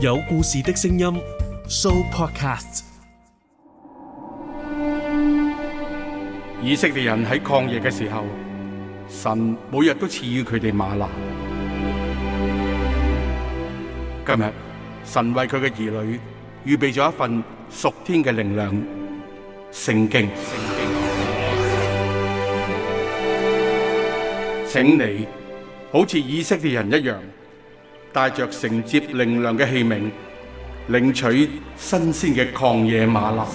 有故事的聲音，So Podcast。以色列人喺曠野嘅時候，神每日都賜予佢哋嗎哪。今日神為佢嘅兒女預備咗一份屬天嘅靈糧，聖經。請你好似以色列人一樣。帶着承接靈糧嘅器皿，領取新鮮嘅曠野嗎哪。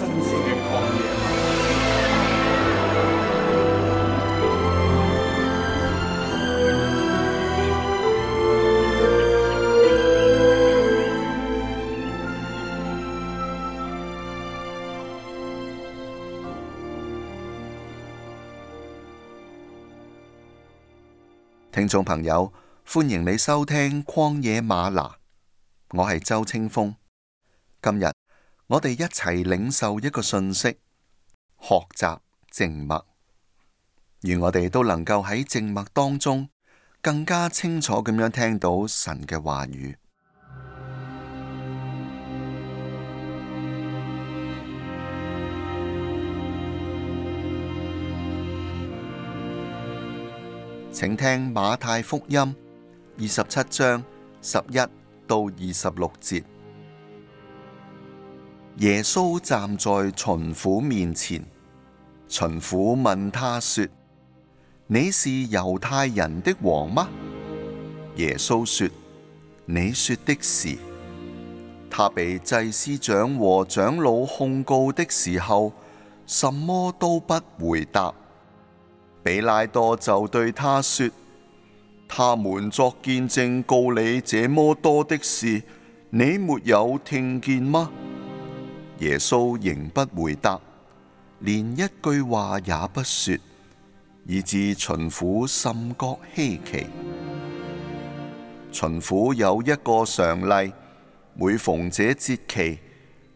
聽眾朋友。歡迎你收聽曠野嗎哪，我係周清風。今日我哋一齊領受一個信息，學習靜默，願我哋都能夠喺靜默當中更加清楚咁樣聽到神嘅話語。請聽馬太福音。二十七章十一到二十六節，耶穌站在巡撫面前，巡撫問他說：你是猶太人的王嗎？耶穌說：你說的是。他被祭司長和長老控告的時候，什麼都不回答。比拉多就對他說。他們作見證告你這麼多的事，你沒有聽見嗎？耶穌仍不回答，連一句話也不說，以致巡撫甚覺稀奇。巡撫有一個常例，每逢這節期，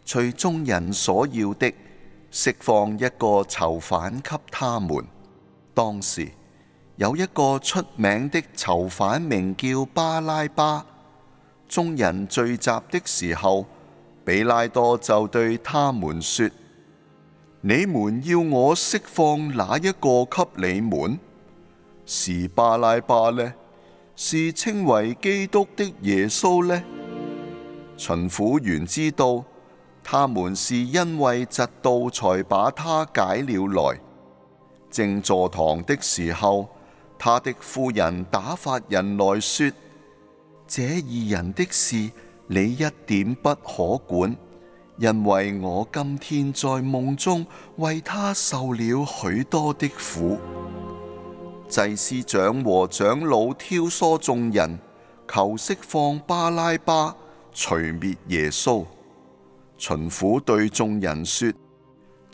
隨眾人所要的，釋放一個囚犯給他們。當時。有一個出名的囚犯名叫巴拉巴，眾人聚集的時候，彼拉多就對他們說：你們要我釋放哪一個給你們？是巴拉巴呢，是稱為基督的耶穌呢？巡撫原知道，他們是因為嫉妒才把他解了來。正坐堂的時候。他的夫人打發人來說：這二人的事，你一點不可管，因為我今天在夢中為他受了許多的苦。祭司長和長老挑唆眾人，求釋放巴拉巴，除滅耶穌。巡撫對眾人說：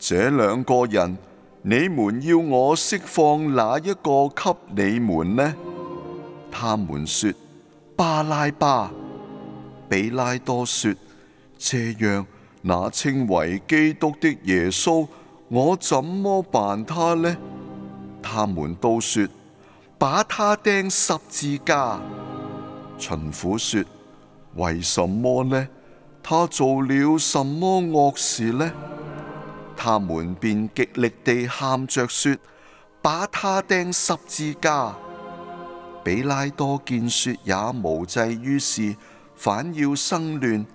這兩個人。你們要我釋放哪一個給你們呢？他們說：巴拉巴。彼拉多說：這樣，那稱為基督的耶穌，我怎麼辦他呢？他們都說：把他釘十字架。巡撫說：為什麼呢？他做了什麼惡事呢？他們便極力地喊着說，把他釘十字架。彼拉多見說也無濟於事，反要生亂，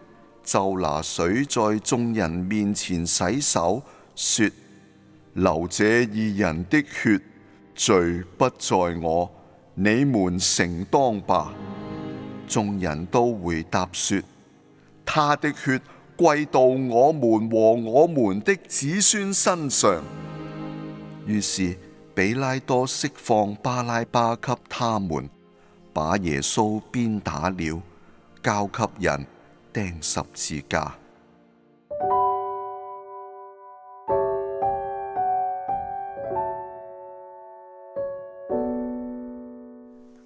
就拿水在眾人面前洗手，說：流這義人的血，罪不在我，你們承當吧。眾人都回答說：他的血。歸到我們和我們的子孫身上。於是彼拉多釋放巴拉巴給他們，把耶穌鞭打了，交給人釘十字架。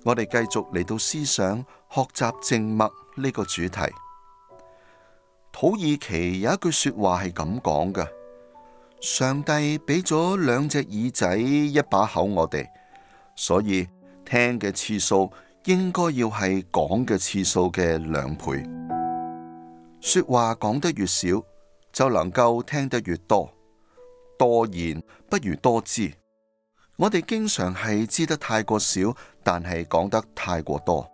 我哋繼續嚟到思想學習靜默呢個主題。好爾奇有一句話說話係咁講嘅，上帝俾咗兩隻耳仔，一把口我哋，所以聽嘅次數應該要係講嘅次數嘅兩倍。說話講得越少，就能夠聽得越多。多言不如多知，我哋經常係知得太過少，但係講得太過多。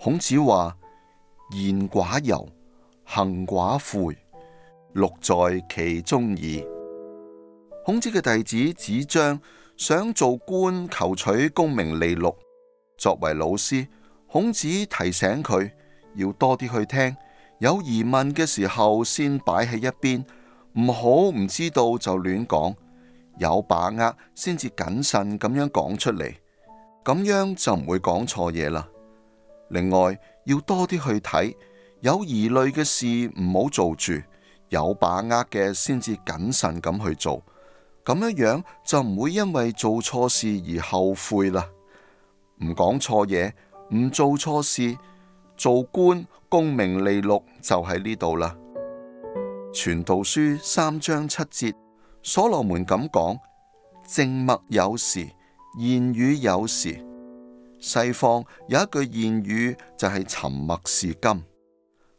孔子話：言寡尤。行寡悔，祿在其中矣。孔子嘅弟子子張想做官，求取功名利祿。作為老師，孔子提醒佢要多啲去聽，有疑問嘅時候先擺喺一邊，唔好唔知道就亂講，有把握先至謹慎咁樣講出嚟，咁樣就唔會講錯嘢啦。另外，要多啲去睇。有疑慮嘅事唔好做住，有把握嘅先至謹慎咁去做，咁樣樣就唔會因為做錯事而後悔啦。唔講錯嘢，唔做錯事，做官功名利祿就喺呢度啦。傳道書三章七節，所羅門咁講，靜默有時，言語有時。西方有一句諺語就係沉默是金。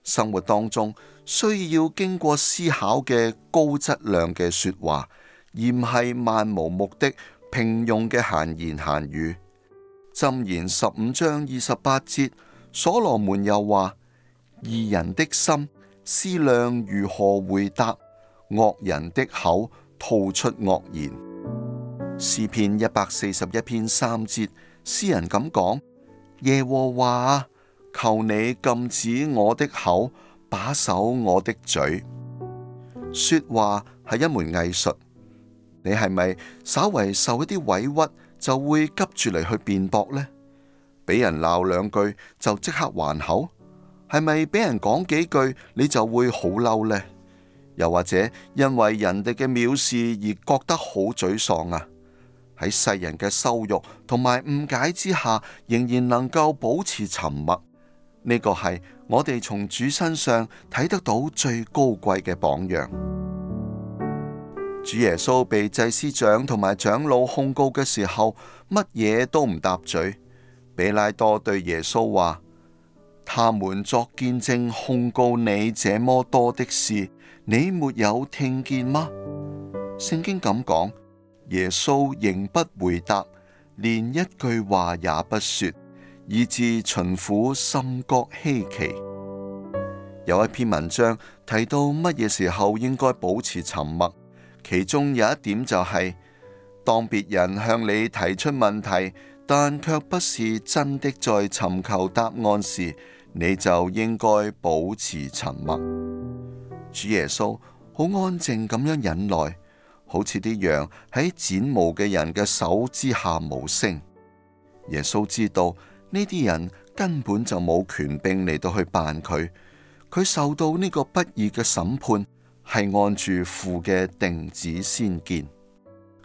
生活當中需要經過思考嘅高質量嘅說話，而唔係漫無目的、平庸嘅閒言閒語。箴言十五章二十八節，所羅門又話：義人的心思量如何回答，惡人的口吐出惡言。詩篇一百四十一篇三節，詩人咁講：耶和華。求你禁止我的口，把守我的嘴。說話係一門藝術。你係咪稍為受一啲委屈，就會急住嚟去辯駁呢？俾人鬧兩句就即刻還口，係咪俾人講幾句你就會好嬲呢？又或者因為人哋嘅藐視而覺得好沮喪啊？喺世人嘅羞辱同埋誤解之下，仍然能夠保持沉默。呢個係我哋從主身上睇得到最高貴嘅榜樣。主耶穌被祭司長同埋長老控告嘅時候，乜嘢都唔答嘴。彼拉多對耶穌話：他們作見證控告你這麼多的事，你沒有聽見嗎？聖經咁講，耶穌仍不回答，連一句話也不說。以致巡撫甚覺希奇。有一篇文章提到乜嘢時候應該保持沉默，其中有一點就係，當別人向你提出問題，但卻不是真的在尋求答案時，你就應該保持沉默。主耶穌好安靜咁樣忍耐，好似啲羊喺剪毛嘅人嘅手之下無聲。耶穌知道。呢啲人根本就冇權柄嚟到去辦佢。佢受到呢個不義嘅審判，係按住父嘅定旨先見。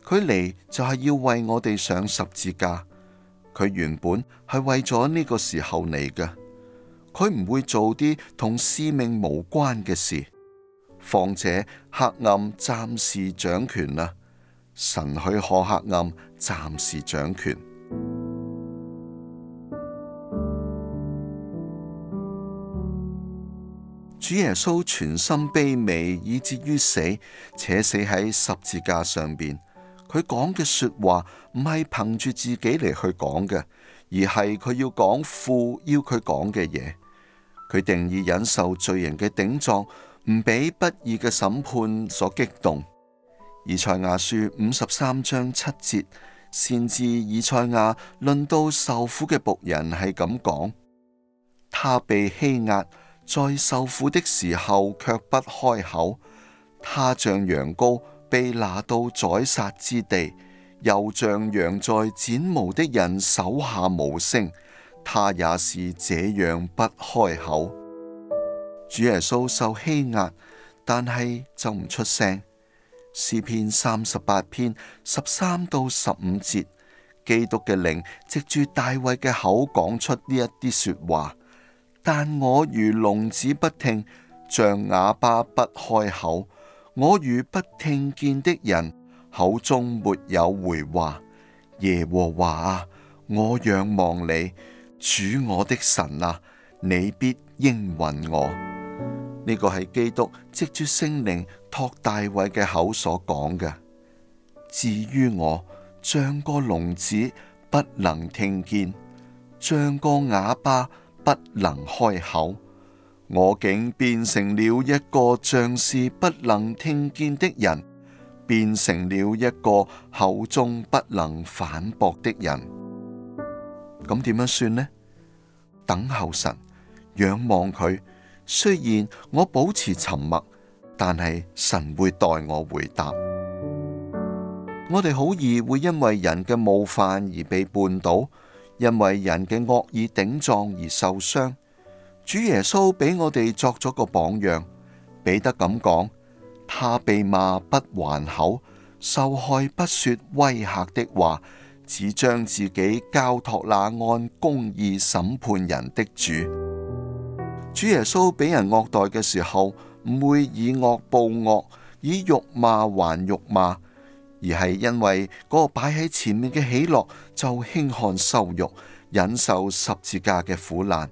佢嚟就係要為我哋上十字架，佢原本係為咗呢個時候嚟嘅。佢唔會做啲同使命無關嘅事。況且黑暗暫時掌權啦，啊，神許可黑暗暫時掌權。主耶穌全心卑微，以至於死，且死喺十字架上邊。佢講嘅說話唔係憑住自己嚟去講嘅，而係佢要講父要佢講嘅嘢。佢定意忍受罪人嘅頂撞，唔俾不義嘅審判所激動。以賽亞書五十三章七節，先至以賽亞論到受苦嘅僕人係咁講：他被欺壓。在受苦的時候卻不開口，他像羊羔被拿到宰殺之地，又像羊在剪毛的人手下無聲，他也是這樣不開口。主耶穌受欺壓，但係就唔出聲。詩篇三十八篇十三到十五節，基督嘅靈藉住大衛嘅口講出呢一啲說話。但我如聾子不聽，像啞巴不開口。我如不聽見的人，口中沒有回話。耶和華啊，我仰望你，主我的神啊，你必應允我。呢個係基督藉住聖靈託大衛嘅口所講嘅。至於我，像個聾子不能聽見，像個啞巴。不能開口，我竟變成了一個像是不能聽見的人，變成了一個口中不能反駁的人。咁點樣算呢？等候神，仰望佢。雖然我保持沉默，但係神會代我回答。我哋好易會因為人嘅冒犯而被絆倒。因為人嘅惡意頂撞而受傷，主耶穌俾我哋作咗個榜樣。彼得咁講：他被罵不還口，受害不說威嚇的話，只將自己交託那按公義審判人的主。主耶穌俾人惡待嘅時候，唔會以惡報惡，以辱罵還辱罵。而係因為嗰個擺喺前面嘅喜樂就輕看羞辱，忍受十字架嘅苦難。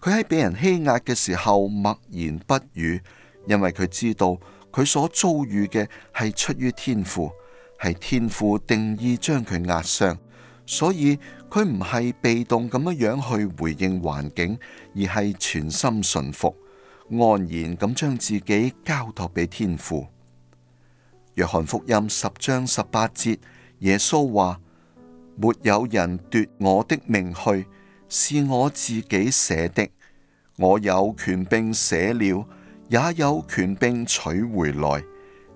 佢喺俾人欺壓嘅時候默然不語，因為佢知道佢所遭遇嘅係出於天父，係天父定意將佢壓傷，所以佢唔係被動咁樣樣去回應環境，而係全心順服，安然咁將自己交託俾天父。約翰福音十章十八節，耶穌話：沒有人奪我的命去，是我自己捨的。我有權柄捨了，也有權柄取回來。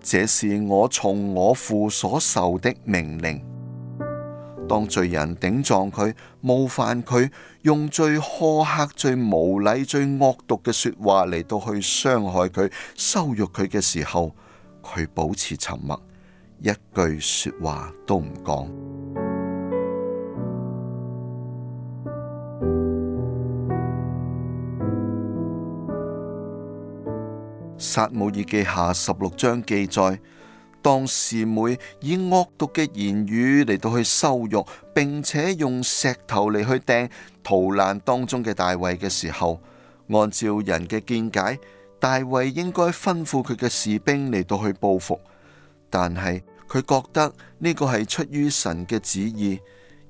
這是我從我父所受的命令。當罪人頂撞佢、冒犯佢、用最苛刻、最無禮、最惡毒嘅說話嚟到去傷害佢、羞辱佢嘅時候，去保持沉默，一句說話都唔講。撒母耳記下十六章記載，當示每以惡毒嘅言語嚟到去羞辱，並且用石頭嚟去掟逃難當中嘅大衛嘅時候，按照人嘅見解。大衛應該吩咐佢嘅士兵嚟到去報復，但係佢覺得呢個係出於神嘅旨意，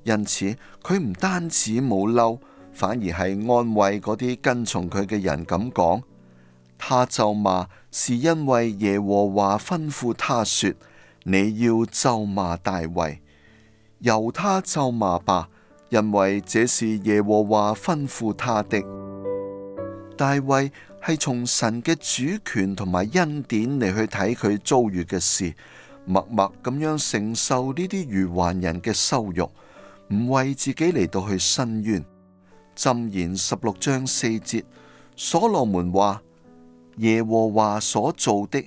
因此佢唔單止冇嬲，反而係安慰嗰啲跟從佢嘅人，咁講。他咒罵是因為耶和華吩咐他說，你要咒罵大衛，由他咒罵吧，因為這是耶和華吩咐他的。大衛。係從神嘅主權同埋恩典嚟去睇佢遭遇嘅事，默默咁樣承受呢啲愚頑人嘅羞辱，唔為自己嚟到去申冤。箴言十六章四節，所羅門話：「耶和華所造的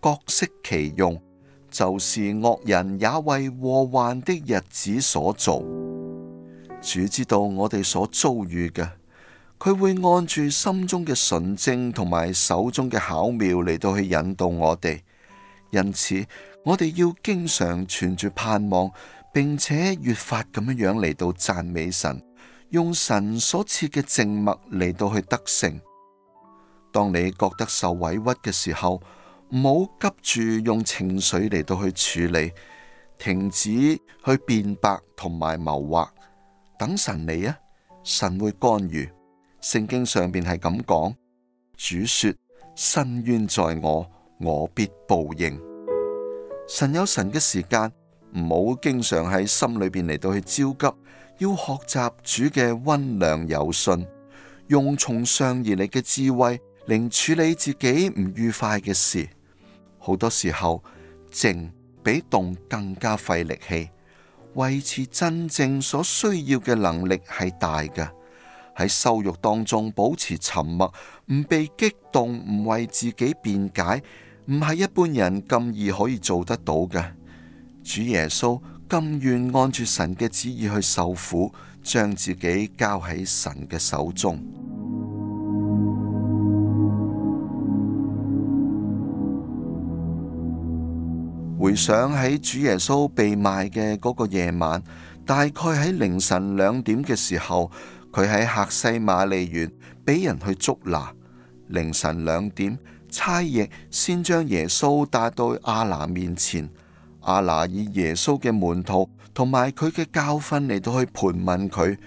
各適其用，就是惡人也為禍患的日子所造。」主知道我哋所遭遇嘅。佢會按住心中嘅純正同埋手中嘅巧妙嚟到去引導我哋，因此我哋要經常存住盼望，並且越發咁樣樣嚟到讚美神，用神所賜嘅靜默嚟到去得勝。當你覺得受委屈嘅時候，唔好急住用情緒嚟到去處理，停止去辯白同埋謀劃，等神嚟啊，神會干預。聖經上邊係咁講，主說：伸冤在我，我必報應。神有神嘅時間，唔好經常喺心裏邊嚟到去焦急，要學習主嘅温良有信，用從上而嚟嘅智慧，嚟處理自己唔愉快嘅事。好多時候靜比動更加費力氣，維持真正所需要嘅能力係大嘅。喺羞辱當中保持沉默，唔被激動，唔為自己辯解，唔係一般人咁易可以做得到嘅。主耶穌甘願按住神嘅旨意去受苦，將自己交喺神嘅手中。回想起主耶穌被賣嘅嗰個夜晚，大概喺凌晨兩點嘅時候。佢喺客西馬利園俾人去捉拿，凌晨兩點，差役先將耶穌帶到亞拿面前。亞拿以耶穌嘅門徒同埋佢嘅教訓嚟到去盤問佢，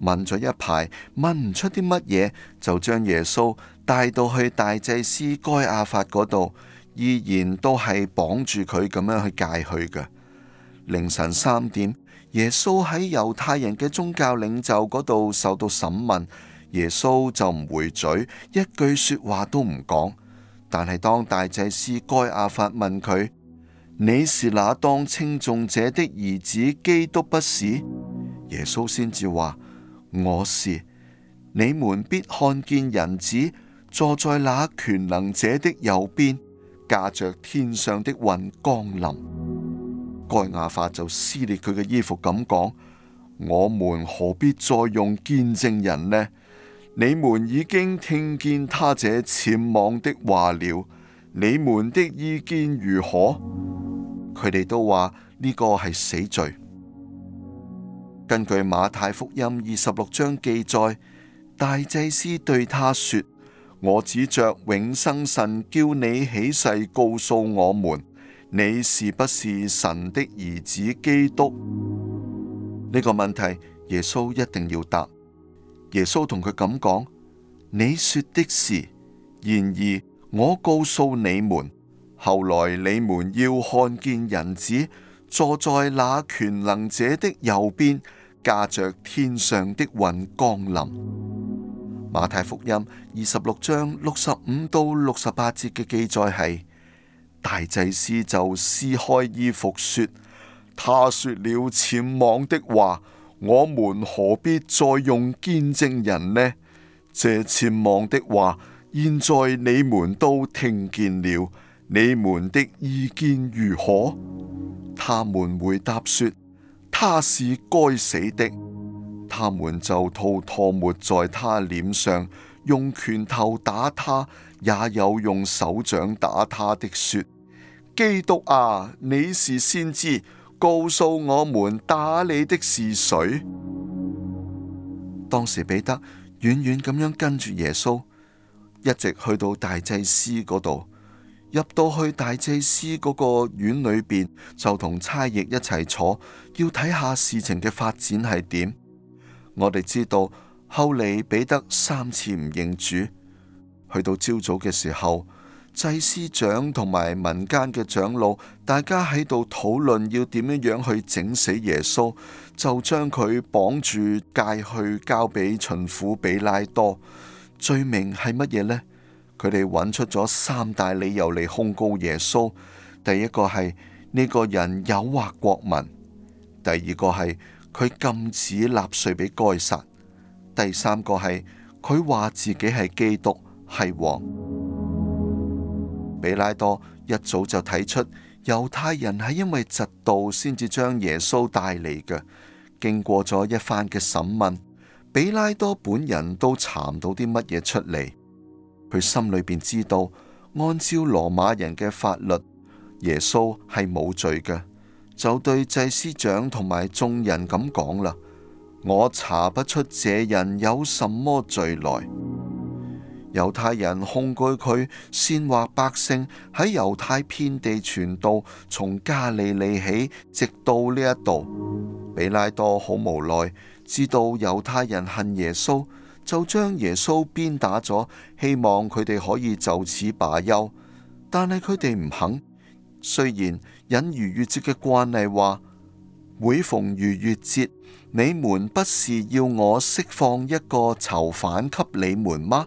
問咗一排，問唔出啲乜嘢，就將耶穌帶到去大祭司該亞法嗰度，依然都係綁住佢咁樣去戒去嘅。凌晨三點，耶穌喺猶太人嘅宗教領袖嗰度受到審問，耶穌就唔回嘴，一句說話都唔講。但係當大祭司該亞法問佢：你是那當稱頌者的兒子？基督不是？耶穌先至話：我是。你們必看見人子坐在那權能者的右邊，駕着天上的雲降臨。該亞法就撕裂佢嘅衣服，咁講：我們何必再用見證人呢？你們已經聽見他這僭妄的話了，你們的意見如何？佢哋都話呢個係死罪。根據馬太福音二十六章記載，大祭司對他說：我指着永生神叫你起誓，告訴我們。你是不是神的兒子基督？呢、這個問題耶穌一定要答。耶穌同佢咁講：「你說的是。然而我告訴你們，後來你們要看見人子坐在那權能者的右邊，駕着天上的雲降臨。馬太福音二十六章六十五到六十八節嘅記載係。大祭司就撕開衣服說：他說了僭妄的話，我們何必再用見證人呢？這僭妄的話，現在你們都聽見了，你們的意見如何？他們回答說：他是該死的。他們就吐唾沫在他臉上，用拳頭打他，也有用手掌打他的說。基督啊，你是先知，告訴我們打你的是誰？當時彼得遠遠咁樣跟住耶穌，一直去到大祭司嗰度，入到去大祭司嗰個院裏邊，就同差役一齊坐，要睇下事情嘅發展係點。我哋知道後嚟彼得三次唔認主，去到朝早嘅時候。祭司長同埋民間嘅長老，大家喺度討論要點樣樣去整死耶穌，就將佢綁住解去交俾巡撫比拉多。罪名係乜嘢呢？佢哋揾出咗三大理由嚟控告耶穌：第一個係呢個人誘惑國民；第二個係佢禁止納稅俾該撒；第三個係佢話自己係基督，係王。比拉多一早就睇出猶太人係因為嫉妒先至將耶穌帶嚟嘅，經過咗一番嘅審問，比拉多本人都查唔到啲乜嘢出嚟，佢心裏邊知道，按照羅馬人嘅法律，耶穌係冇罪嘅，就對祭司長同埋眾人咁講啦：我查不出這人有什麼罪來。猶太人控告佢，煽惑百姓喺猶太遍地傳道，從加利利起直到呢一度。彼拉多好無奈，知道猶太人恨耶穌，就將耶穌鞭打咗，希望佢哋可以就此罷休。但係佢哋唔肯。雖然引逾越節嘅慣例話，每逢逾越節，你們不是要我釋放一個囚犯給你們嗎？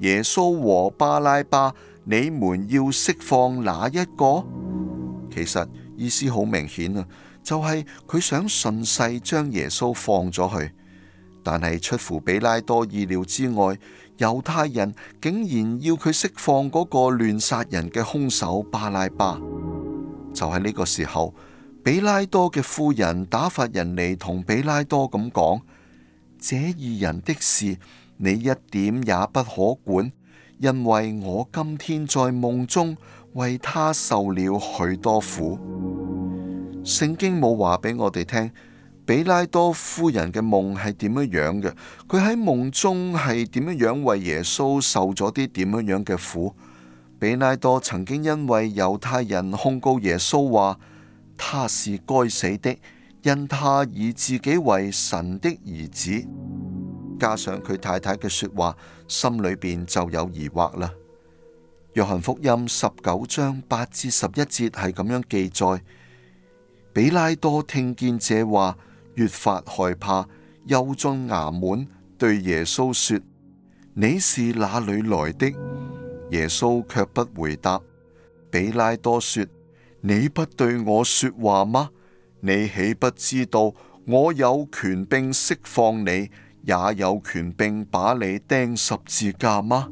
耶穌和巴拉巴，你們要釋放哪一個？其實意思好明顯啊，就係佢想順勢將耶穌放咗去。但係出乎彼拉多意料之外，猶太人竟然要佢釋放嗰個亂殺人嘅兇手巴拉巴。就喺呢個時候，彼拉多嘅夫人打發人嚟同彼拉多咁講，這二人的事。你一點也不可管，因為我今天在夢中為他受了許多苦。聖經冇話俾我哋聽，比拉多夫人嘅夢係點樣樣嘅？佢喺夢中係點樣樣為耶穌受咗啲點樣樣嘅苦？比拉多曾經因為猶太人控告耶穌，話他是該死的，因他以自己為神的兒子。加上佢太太嘅說話，心裏邊就有疑惑啦。約翰福音十九章八至十一節係咁樣記載：彼拉多聽見這話，越發害怕，又進衙門對耶穌說：你是哪裏來的？耶穌卻不回答。彼拉多說：你不對我說話嗎？你豈不知道我有權並釋放你？也有權柄把你釘十字架嗎？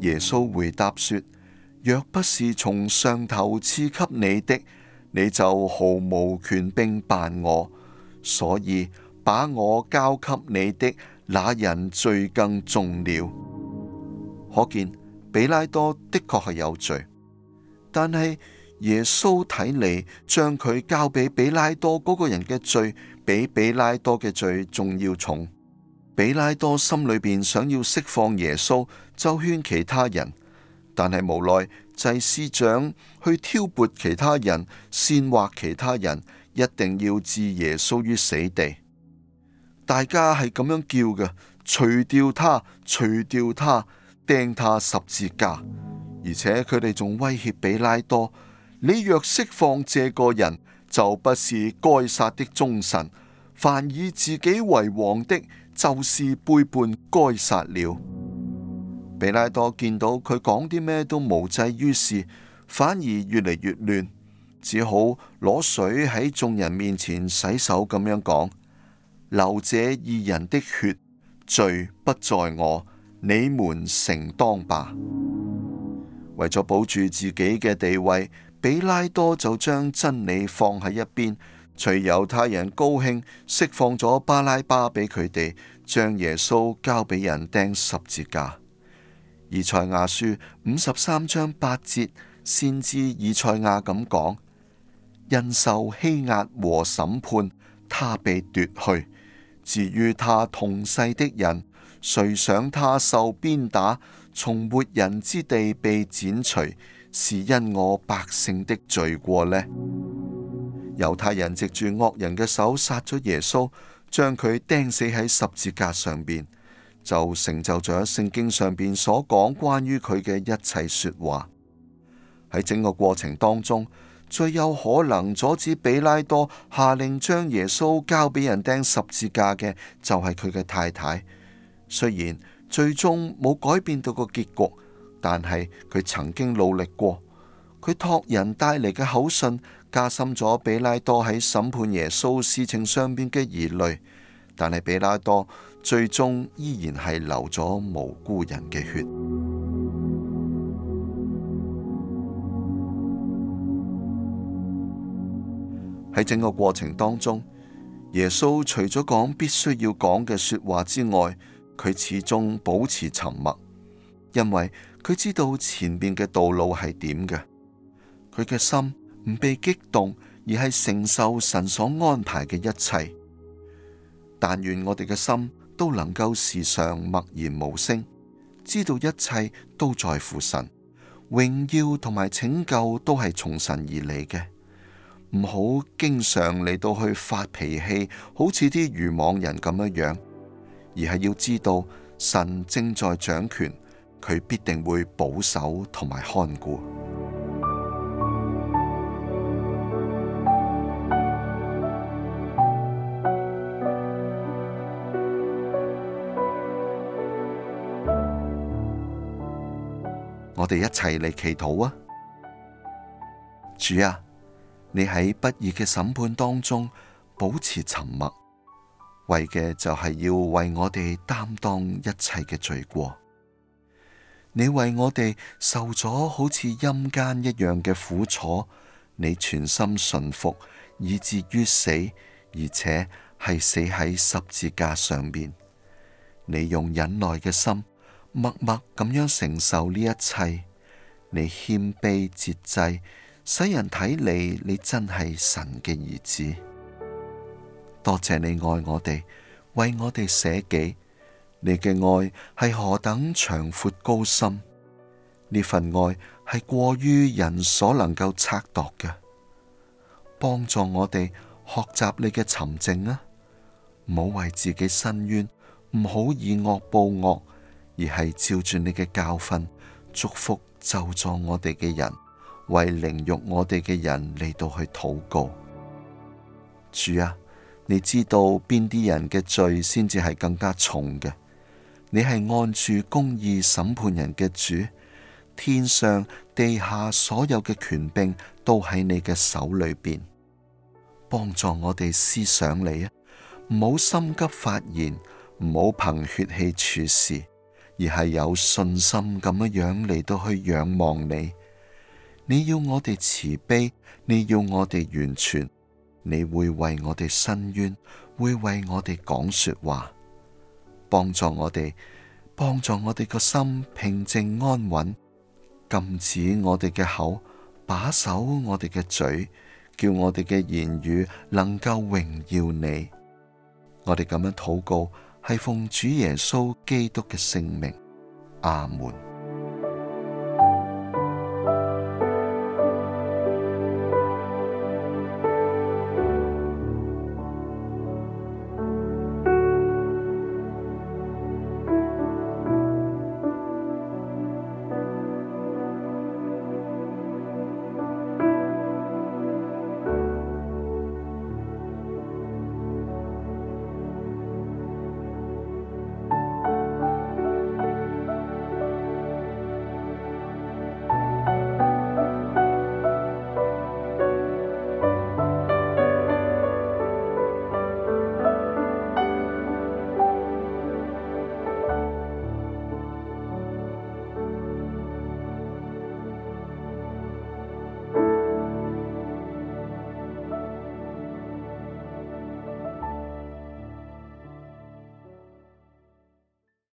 耶穌回答說：若不是從上頭賜給你的，你就毫無權柄辦我。所以把我交給你的那人罪更重了。可見比拉多的確係有罪，但係耶穌睇嚟將佢交俾比拉多嗰個人嘅罪，比比拉多嘅罪仲要重。比拉多心裏邊想要釋放耶穌，就勸其他人，但係無奈祭司、就是、長去挑撥其他人，煽惑其他人一定要置耶穌於死地。大家係咁樣叫嘅，除掉他，除掉他，釘他十字架。而且佢哋仲威脅比拉多：你若釋放這個人，就不是該撒的忠臣。凡以自己為王的。就是背叛，該殺了。彼拉多見到佢講啲咩都無濟於事，反而越嚟越亂，只好攞水喺眾人面前洗手，咁樣講：流這義人的血，罪不在我，你們承當吧。為咗保住自己嘅地位，彼拉多就將真理放喺一邊。隨猶太人高興釋放咗巴拉巴俾佢哋，將耶穌交俾人釘十字架。以賽亞書五十三章八節先知以賽亞咁講：因受欺壓和審判，他被奪去；至於他同世的人，誰想他受鞭打，從活人之地被剪除，是因我百姓的罪過呢？猶太人藉住惡人嘅手殺咗耶穌，將佢釘死喺十字架上邊，就成就咗聖經上邊所講關於佢嘅一切說話。喺整個過程當中，最有可能阻止彼拉多下令將耶穌交俾人釘十字架嘅，就係佢嘅太太。雖然最終冇改變到個結局，但係佢曾經努力過，佢託人帶嚟嘅口信。加深咗比拉多喺審判耶穌事情上邊嘅疑慮，但係比拉多最終依然係流咗無辜人嘅血。喺整個過程當中，耶穌除咗講必須要講嘅說話之外，佢始終保持沉默，因為佢知道前面嘅道路係點嘅，佢嘅心。唔被激動，而係承受神所安排嘅一切。但願我哋嘅心都能夠時常默然無聲，知道一切都在乎神，榮耀同埋拯救都係從神而嚟嘅。唔好經常嚟到去發脾氣，好似啲愚妄人咁樣樣，而係要知道神正在掌權，佢必定會保守同埋看顧。我哋一齊嚟祈禱啊！主啊，你喺不義嘅審判當中保持沉默，為嘅就係要為我哋擔當一切嘅罪過。你為我哋受咗好似陰間一樣嘅苦楚，你全心順服以至於死，而且係死喺十字架上面。你用忍耐嘅心。默默咁樣承受呢一切，你謙卑節制，使人睇你，你真係神嘅兒子。多謝你愛我哋，為我哋捨己。你嘅愛係何等長闊高深？呢份愛係過於人所能夠測度嘅。幫助我哋學習你嘅沉靜啊！唔好為自己申冤，唔好以惡報惡。而係照住你嘅教訓，祝福咒詛我哋嘅人，為凌辱我哋嘅人嚟到去禱告。主啊，你知道邊啲人嘅罪先至係更加重嘅？你係按住公義審判人嘅主，天上地下所有嘅權柄都喺你嘅手裏邊。幫助我哋思想你啊，唔好心急發言，唔好憑血氣處事。而係有信心咁樣樣嚟到去仰望你，你要我哋慈悲，你要我哋完全，你會為我哋伸冤，會為我哋講說話，幫助我哋，幫助我哋個心平靜安穩，禁止我哋嘅口，把守我哋嘅嘴，叫我哋嘅言語能夠榮耀你，我哋咁樣禱告。係奉主耶穌基督嘅聖名，阿門。